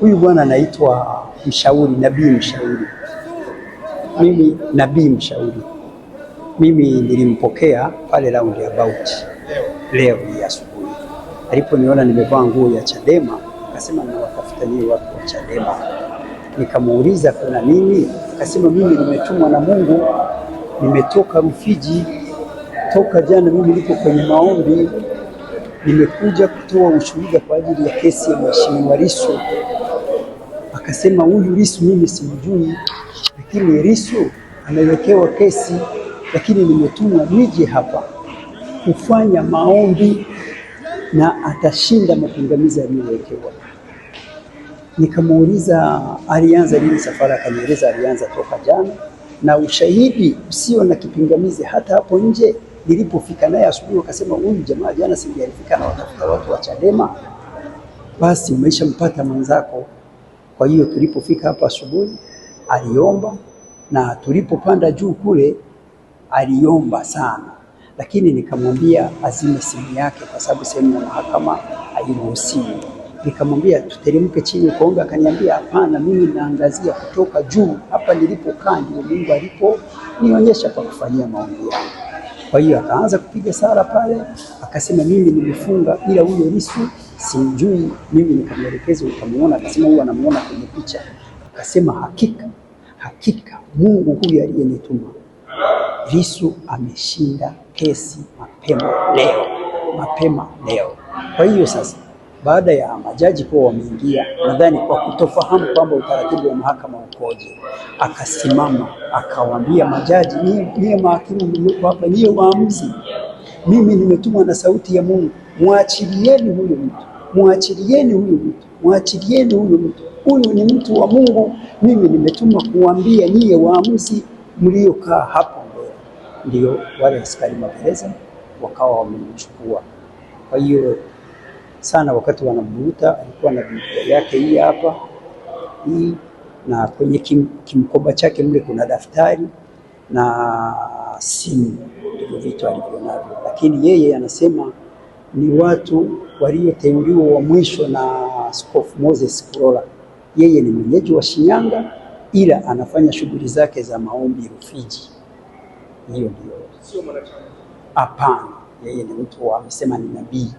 Huyu bwana anaitwa mshauri, nabii mshauri. Mimi nabii mshauri, mimi nilimpokea pale round about leo hii asubuhi, aliponiona nimevaa nguo ya Chadema akasema nawatafuta nyie watu wa Chadema. Nikamuuliza kuna nini? Akasema mimi nimetumwa na Mungu, nimetoka Rufiji toka jana, mimi niko kwenye maombi, nimekuja kutoa ushuhuda kwa ajili ya kesi ya mheshimiwa Lissu akasema huyu Lissu mimi simjui, lakini Lissu amewekewa kesi, lakini nimetumwa nije hapa kufanya maombi na atashinda mapingamizi aliyowekewa. Nikamuuliza alianza lini safari, akanieleza alianza toka jana na ushahidi usio na kipingamizi hata hapo nje nilipofika naye asubuhi, wakasema huyu jamaa jana singealifikana, watafuta watu wa Chadema, basi mpata mwenzako. Kwa hiyo tulipofika hapa asubuhi aliomba, na tulipopanda juu kule aliomba sana, lakini nikamwambia azime simu yake kwa sababu sehemu ya mahakama hairuhusiwi. Nikamwambia tuteremke chini kuomba, akaniambia hapana, mimi naangazia kutoka juu. Hapa nilipokaa ndio Mungu alipo nionyesha kwa kufanyia maombi yangu. Kwa hiyo akaanza kupiga sala pale, akasema mimi nimefunga, ila huyo Lissu sijui mimi, nikamwelekeza ukamuona, akasema huwa anamuona kwenye picha. Akasema hakika hakika, Mungu huyu aliyenituma visu ameshinda kesi mapema leo, mapema leo. Kwa hiyo sasa, baada ya majaji kuwa wameingia, nadhani kwa kutofahamu kwamba utaratibu wa mahakama ukoje, akasimama akawaambia majaji, niye mahakimu mlioko hapa, niye waamuzi, mimi nimetumwa na sauti ya Mungu, mwachilieni huyo mtu mwachilieni huyu mtu, mwachilieni huyu mtu, huyu ni mtu wa Mungu. Mimi nimetuma kuambia nyie waamuzi mliokaa hapo mbele. Ndio wale askari magereza wakawa wamemchukua. Kwa hiyo sana, wakati wanamvuta alikuwa na Biblia yake hii hapa hii, na kwenye kim, kimkoba chake mle kuna daftari na simu, ndivyo vitu alivyonavyo, lakini yeye anasema ni watu walioteuliwa wa mwisho na Askofu Moses Kurola. Yeye ni mwenyeji wa Shinyanga, ila anafanya shughuli zake za maombi Rufiji. Hiyo ndio, sio mwanachama. Hapana, yeye ni mtu amesema ni nabii.